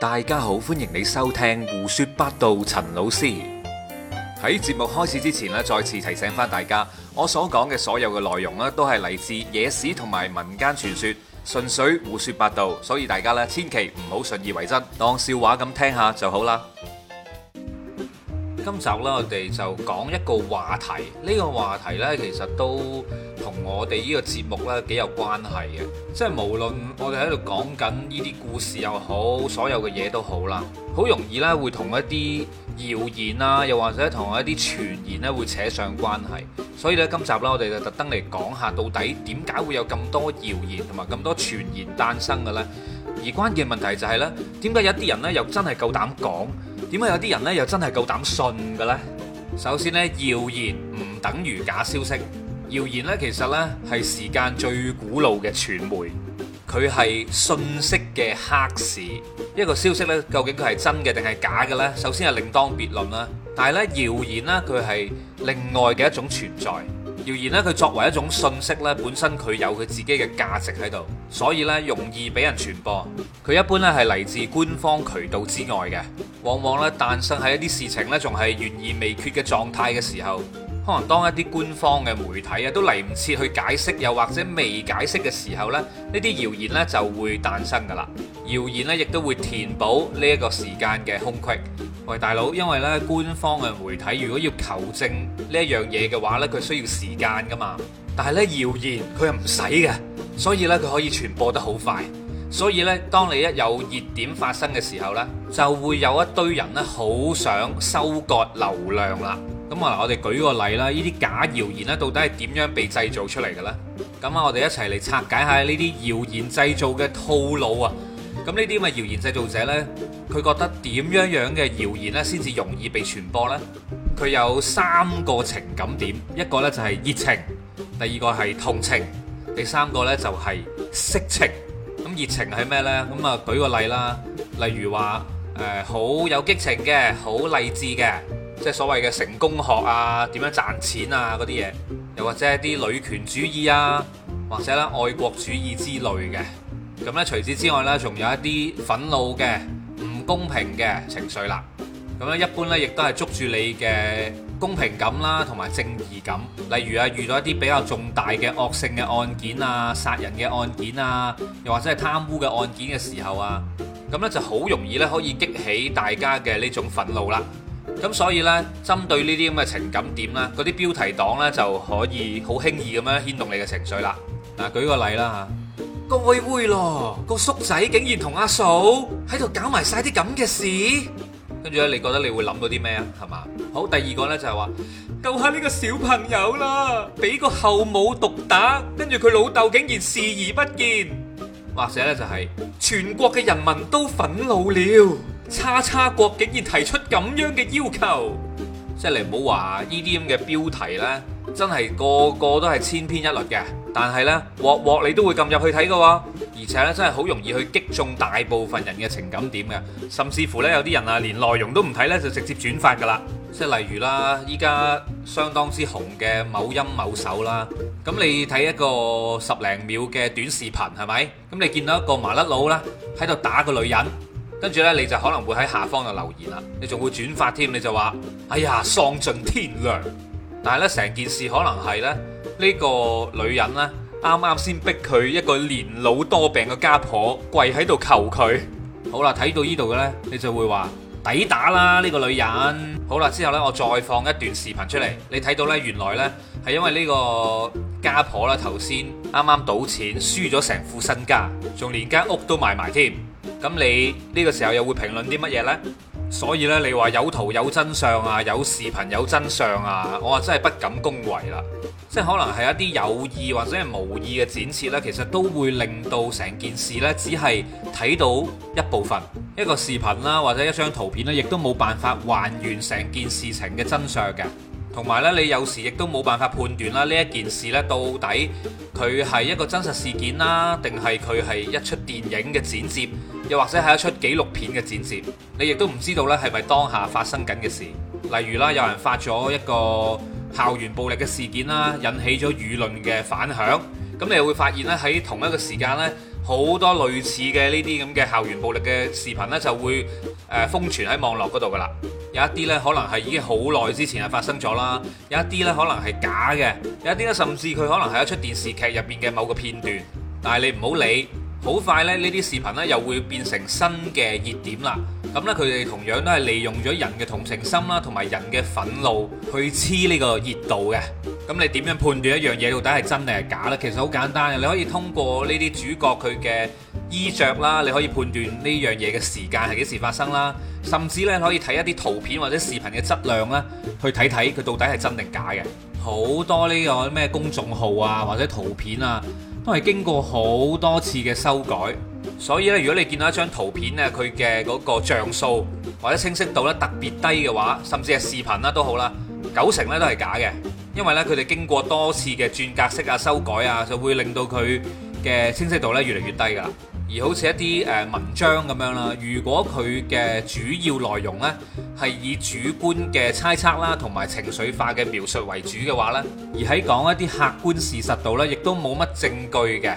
大家好，歡迎你收聽胡說八道。陳老師喺節目開始之前咧，再次提醒翻大家，我所講嘅所有嘅內容咧，都係嚟自野史同埋民間傳說，純粹胡說八道，所以大家咧千祈唔好信以為真，當笑話咁聽下就好啦。今集啦，我哋就講一個話題，呢個話題咧，其實都。同我哋呢個節目呢幾有關係嘅，即係無論我哋喺度講緊呢啲故事又好，所有嘅嘢都好啦，好容易呢會同一啲謠言呀，又或者同一啲傳言呢會扯上關係，所以呢，今集呢，我哋就特登嚟講下到底點解會有咁多謠言同埋咁多傳言誕生嘅呢。而關鍵問題就係呢，點解有啲人呢又真係夠膽講？點解有啲人呢又真係夠膽信嘅呢？首先呢，謠言唔等於假消息。謠言咧，其實咧係時間最古老嘅傳媒，佢係信息嘅黑市。一個消息咧，究竟佢係真嘅定係假嘅呢？首先係另當別論啦。但係咧，謠言咧，佢係另外嘅一種存在。謠言咧，佢作為一種信息咧，本身佢有佢自己嘅價值喺度，所以咧，容易俾人傳播。佢一般咧係嚟自官方渠道之外嘅，往往咧誕生喺一啲事情咧仲係懸而未決嘅狀態嘅時候。可能當一啲官方嘅媒體啊都嚟唔切去解釋，又或者未解釋嘅時候咧，呢啲謠言咧就會誕生㗎啦。謠言咧亦都會填補呢一個時間嘅空隙。喂，大佬，因為咧官方嘅媒體如果要求證呢一樣嘢嘅話咧，佢需要時間㗎嘛。但係咧謠言佢又唔使嘅，所以咧佢可以傳播得好快。所以咧，當你一有熱點發生嘅時候咧，就會有一堆人咧好想收割流量啦。咁啊，嗱，我哋舉個例啦，呢啲假謠言咧，到底係點樣被製造出嚟嘅咧？咁啊，我哋一齊嚟拆解下呢啲謠言製造嘅套路啊！咁呢啲咁嘅謠言製造者咧，佢覺得點樣樣嘅謠言咧先至容易被傳播咧？佢有三個情感點，一個咧就係熱情，第二個係同情，第三個咧就係色情。咁熱情係咩咧？咁啊，舉個例啦，例如話誒好有激情嘅，好勵志嘅。即係所謂嘅成功學啊，點樣賺錢啊嗰啲嘢，又或者一啲女權主義啊，或者咧愛國主義之類嘅。咁呢，除此之外呢，仲有一啲憤怒嘅、唔公平嘅情緒啦。咁咧，一般呢，亦都係捉住你嘅公平感啦、啊，同埋正義感。例如啊，遇到一啲比較重大嘅惡性嘅案件啊，殺人嘅案件啊，又或者係貪污嘅案件嘅時候啊，咁呢，就好容易呢，可以激起大家嘅呢種憤怒啦。咁所以咧，針對呢啲咁嘅情感點咧，嗰啲標題黨咧就可以好輕易咁樣牽動你嘅情緒啦。嗱，舉個例啦嚇，個妹妹咯，個叔仔竟然同阿嫂喺度搞埋晒啲咁嘅事，跟住咧，你覺得你會諗到啲咩啊？係嘛？好，第二個咧就係話救下呢個小朋友啦，俾個後母毒打，跟住佢老竇竟然視而不見，或者咧就係全國嘅人民都憤怒了。叉叉國竟然提出咁樣嘅要求，即係你唔好話呢啲咁嘅標題咧，真係個個都係千篇一律嘅。但係咧，鑊鑊你都會撳入去睇嘅喎，而且咧真係好容易去擊中大部分人嘅情感點嘅。甚至乎咧，有啲人啊，連內容都唔睇咧，就直接轉發㗎啦。即係例如啦，依家相當之紅嘅某音某手啦，咁你睇一個十零秒嘅短視頻係咪？咁你見到一個麻甩佬啦，喺度打個女人。跟住呢，你就可能會喺下方度留言啦，你仲會轉發添，你就話：哎呀，喪盡天良！但係咧，成件事可能係呢，呢個女人呢，啱啱先逼佢一個年老多病嘅家婆跪喺度求佢。好啦，睇到呢度嘅呢，你就會話抵打啦呢個女人。好啦，之後呢，我再放一段視頻出嚟，你睇到呢，原來呢，係因為呢個家婆啦，頭先啱啱賭錢輸咗成副身家，仲連間屋都賣埋添。咁你呢個時候又會評論啲乜嘢呢？所以呢，你話有圖有真相啊，有視頻有真相啊，我話真係不敢恭維啦。即係可能係一啲有意或者係無意嘅剪切呢，其實都會令到成件事呢，只係睇到一部分，一個視頻啦或者一張圖片呢，亦都冇辦法還原成件事情嘅真相嘅。同埋咧，有你有時亦都冇辦法判斷啦，呢一件事咧，到底佢係一個真實事件啦，定係佢係一出電影嘅剪接，又或者係一出紀錄片嘅剪接，你亦都唔知道咧係咪當下發生緊嘅事。例如啦，有人發咗一個校園暴力嘅事件啦，引起咗輿論嘅反響，咁你又會發現咧喺同一個時間咧，好多類似嘅呢啲咁嘅校園暴力嘅視頻呢，就會誒、呃、瘋傳喺網絡嗰度噶啦。有一啲呢，可能係已經好耐之前啊發生咗啦，有一啲呢，可能係假嘅，有一啲呢，甚至佢可能係一出電視劇入邊嘅某個片段。但係你唔好理，好快咧呢啲視頻呢，又會變成新嘅熱點啦。咁呢，佢哋同樣都係利用咗人嘅同情心啦，同埋人嘅憤怒去黐呢個熱度嘅。咁你點樣判斷一樣嘢到底係真定係假呢？其實好簡單嘅，你可以通過呢啲主角佢嘅衣着啦，你可以判斷呢樣嘢嘅時間係幾時發生啦。甚至咧可以睇一啲圖片或者視頻嘅質量啦，去睇睇佢到底係真定假嘅。好多呢個咩公眾號啊，或者圖片啊，都係經過好多次嘅修改。所以呢，如果你見到一張圖片呢，佢嘅嗰個像素或者清晰度咧特別低嘅話，甚至係視頻啦都好啦，九成呢都係假嘅。因為咧，佢哋經過多次嘅轉格式啊、修改啊，就會令到佢嘅清晰度咧越嚟越低噶啦。而好似一啲誒文章咁樣啦，如果佢嘅主要內容咧係以主觀嘅猜測啦，同埋情緒化嘅描述為主嘅話咧，而喺講一啲客觀事實度咧，亦都冇乜證據嘅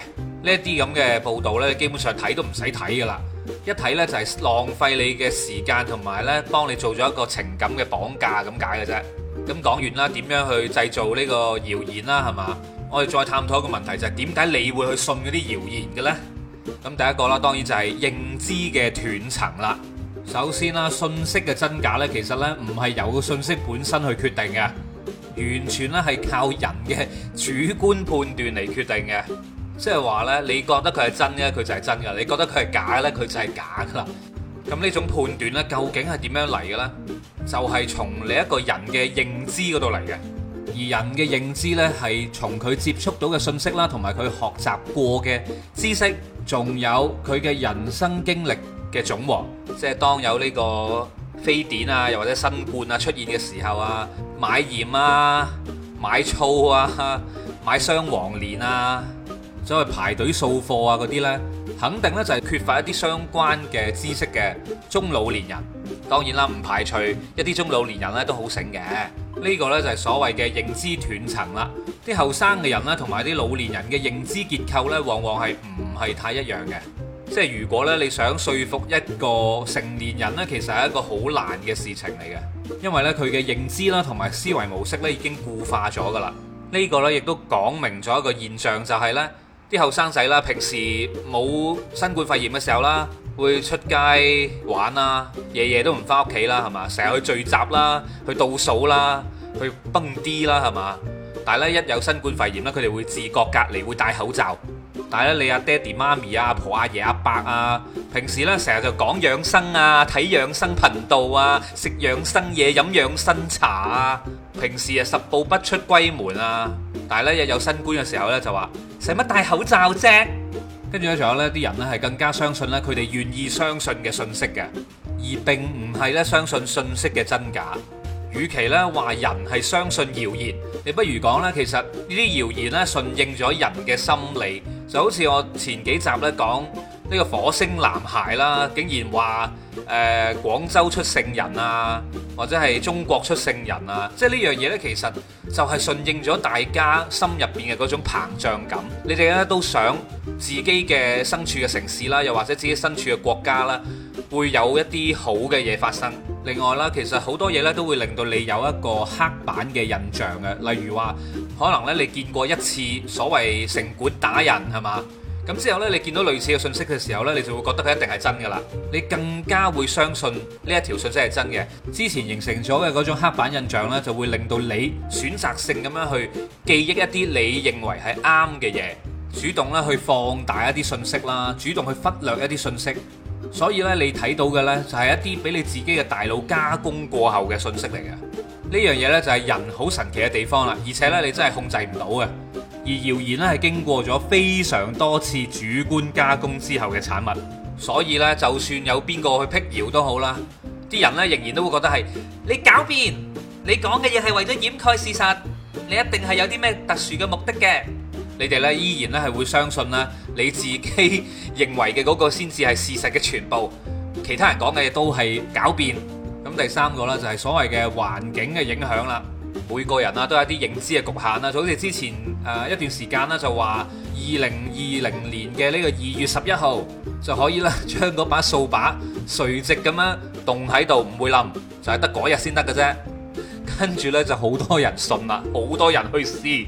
呢一啲咁嘅報道咧，基本上睇都唔使睇噶啦，一睇呢，就係浪費你嘅時間同埋咧，幫你做咗一個情感嘅綁架咁解嘅啫。咁講完啦，點樣去製造呢個謠言啦，係嘛？我哋再探討一個問題，就係點解你會去信嗰啲謠言嘅呢？咁第一個啦，當然就係認知嘅斷層啦。首先啦，信息嘅真假呢，其實呢唔係由個信息本身去決定嘅，完全呢係靠人嘅主觀判斷嚟決定嘅。即係話呢，你覺得佢係真嘅，佢就係真嘅；你覺得佢係假嘅，佢就係假嘅啦。咁呢種判斷呢，究竟係點樣嚟嘅呢？就係從你一個人嘅認知嗰度嚟嘅，而人嘅認知呢，係從佢接觸到嘅信息啦，同埋佢學習過嘅知識，仲有佢嘅人生經歷嘅總和。即係當有呢個非典啊，又或者新冠啊出現嘅時候啊，買鹽啊、買醋啊、買雙黃連啊，所謂排隊掃貨啊嗰啲呢，肯定呢就係缺乏一啲相關嘅知識嘅中老年人。當然啦，唔排除一啲中老年人咧都好醒嘅。呢個呢就係所謂嘅認知斷層啦。啲後生嘅人咧同埋啲老年人嘅認知結構呢往往係唔係太一樣嘅。即係如果呢，你想說服一個成年人呢，其實係一個好難嘅事情嚟嘅，因為呢，佢嘅認知啦同埋思維模式呢已經固化咗噶啦。呢個呢亦都講明咗一個現象，就係呢啲後生仔啦，平時冇新冠肺炎嘅時候啦。會出街玩啊，夜夜都唔翻屋企啦，係嘛？成日去聚集啦，去倒數啦，去蹦迪啦，係嘛？但係咧，一有新冠肺炎咧，佢哋會自覺隔離，會戴口罩。但係咧，你阿爹哋、媽咪、阿婆、阿爺、阿伯啊，平時咧成日就講養生啊，睇養生頻道啊，食養生嘢，飲養生茶啊，平時啊十步不出閨門啊。但係咧，一有新冠嘅時候咧，就話使乜戴口罩啫？跟住呢，仲有呢啲人呢，係更加相信呢佢哋願意相信嘅信息嘅，而並唔係呢相信信息嘅真假。與其呢話人係相信謠言，你不如講呢，其實呢啲謠言呢，順應咗人嘅心理。就好似我前幾集呢講呢個火星男孩啦，竟然話。誒、呃、廣州出聖人啊，或者係中國出聖人啊，即係呢樣嘢呢，其實就係順應咗大家心入邊嘅嗰種膨脹感。你哋咧都想自己嘅身處嘅城市啦，又或者自己身處嘅國家啦，會有一啲好嘅嘢發生。另外啦，其實好多嘢呢都會令到你有一個刻板嘅印象嘅，例如話可能呢，你見過一次所謂城管打人，係嘛？咁之後呢，你見到類似嘅信息嘅時候呢，你就會覺得佢一定係真㗎啦，你更加會相信呢一條信息係真嘅。之前形成咗嘅嗰種刻板印象呢，就會令到你選擇性咁樣去記憶一啲你認為係啱嘅嘢，主動咧去放大一啲信息啦，主動去忽略一啲信息。所以呢，你睇到嘅呢，就係一啲俾你自己嘅大腦加工過後嘅信息嚟嘅。呢樣嘢呢，就係人好神奇嘅地方啦，而且呢，你真係控制唔到嘅。而謠言咧係經過咗非常多次主觀加工之後嘅產物，所以咧就算有邊個去辟謠都好啦，啲人咧仍然都會覺得係你狡辯，你講嘅嘢係為咗掩蓋事實，你一定係有啲咩特殊嘅目的嘅。你哋咧依然咧係會相信啦，你自己認為嘅嗰個先至係事實嘅全部，其他人講嘅嘢都係狡辯。咁第三個咧就係所謂嘅環境嘅影響啦。每個人啊，都有啲認知嘅局限啦，就好似之前誒、呃、一段時間咧，就話二零二零年嘅呢個二月十一號就可以啦，將嗰把掃把垂直咁樣棟喺度唔會冧，就係得嗰日先得嘅啫。跟住呢就好多人信啦，好多人去試，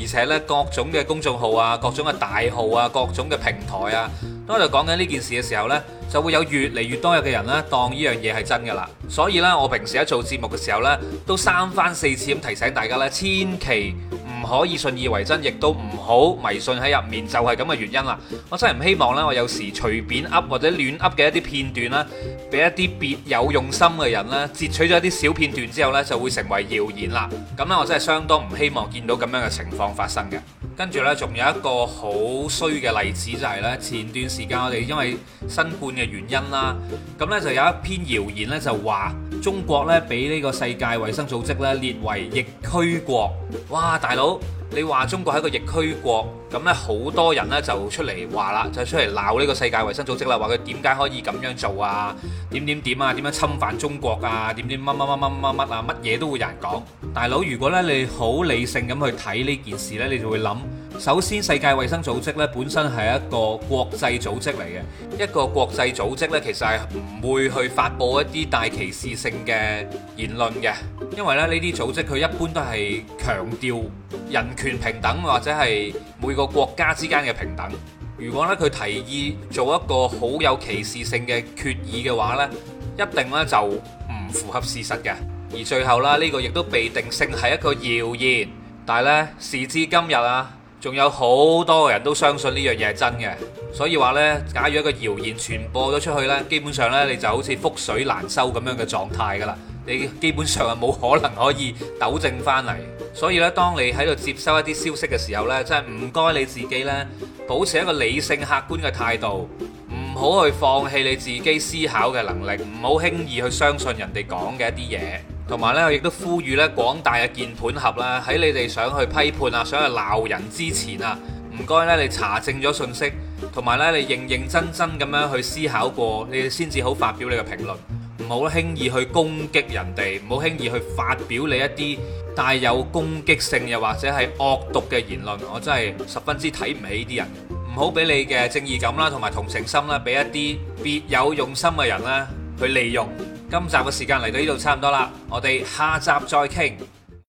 而且呢各種嘅公眾號啊，各種嘅大號啊，各種嘅平台啊。當佢講緊呢件事嘅時候呢，就會有越嚟越多嘅人呢，當呢樣嘢係真㗎啦。所以呢，我平時喺做節目嘅時候呢，都三番四次咁提醒大家呢，千祈唔可以信以為真，亦都唔好迷信喺入面，就係咁嘅原因啦。我真係唔希望呢，我有時隨便噏或者亂噏嘅一啲片段呢，俾一啲別有用心嘅人呢截取咗一啲小片段之後呢，就會成為謠言啦。咁呢，我真係相當唔希望見到咁樣嘅情況發生嘅。跟住呢，仲有一個好衰嘅例子，就係呢，前段時間我哋因為新冠嘅原因啦，咁呢，就有一篇謠言呢，就話中國呢，俾呢個世界衛生組織呢，列為疫區國。哇，大佬！你話中國係一個疫區國，咁呢，好多人呢就出嚟話啦，就出嚟鬧呢個世界衞生組織啦，話佢點解可以咁樣做啊？點點點啊？點樣侵犯中國啊？點點乜乜乜乜乜乜啊？乜嘢都會有人講。大佬，如果呢你好理性咁去睇呢件事呢，你就會諗。首先，世界衛生組織咧本身係一個國際組織嚟嘅，一個國際組織咧其實係唔會去發布一啲大歧視性嘅言論嘅，因為咧呢啲組織佢一般都係強調人權平等或者係每個國家之間嘅平等。如果咧佢提議做一個好有歧視性嘅決議嘅話咧，一定咧就唔符合事實嘅。而最後啦，呢個亦都被定性係一個謠言，但係呢，時至今日啊，仲有好多人都相信呢樣嘢係真嘅，所以話咧，假如一個謠言傳播咗出去咧，基本上咧你就好似覆水難收咁樣嘅狀態㗎啦，你基本上係冇可能可以糾正翻嚟。所以咧，當你喺度接收一啲消息嘅時候咧，真係唔該你自己咧，保持一個理性客觀嘅態度，唔好去放棄你自己思考嘅能力，唔好輕易去相信人哋講嘅一啲嘢。同埋咧，我亦都呼籲咧廣大嘅鍵盤俠啦，喺你哋想去批判啊、想去鬧人之前啊，唔該咧，你查證咗信息，同埋咧，你認認真真咁樣去思考過，你哋先至好發表你嘅評論，唔好輕易去攻擊人哋，唔好輕易去發表你一啲帶有攻擊性又或者係惡毒嘅言論，我真係十分之睇唔起啲人，唔好俾你嘅正義感啦，同埋同情心啦，俾一啲別有用心嘅人咧去利用。今集嘅時間嚟到呢度差唔多啦，我哋下集再傾。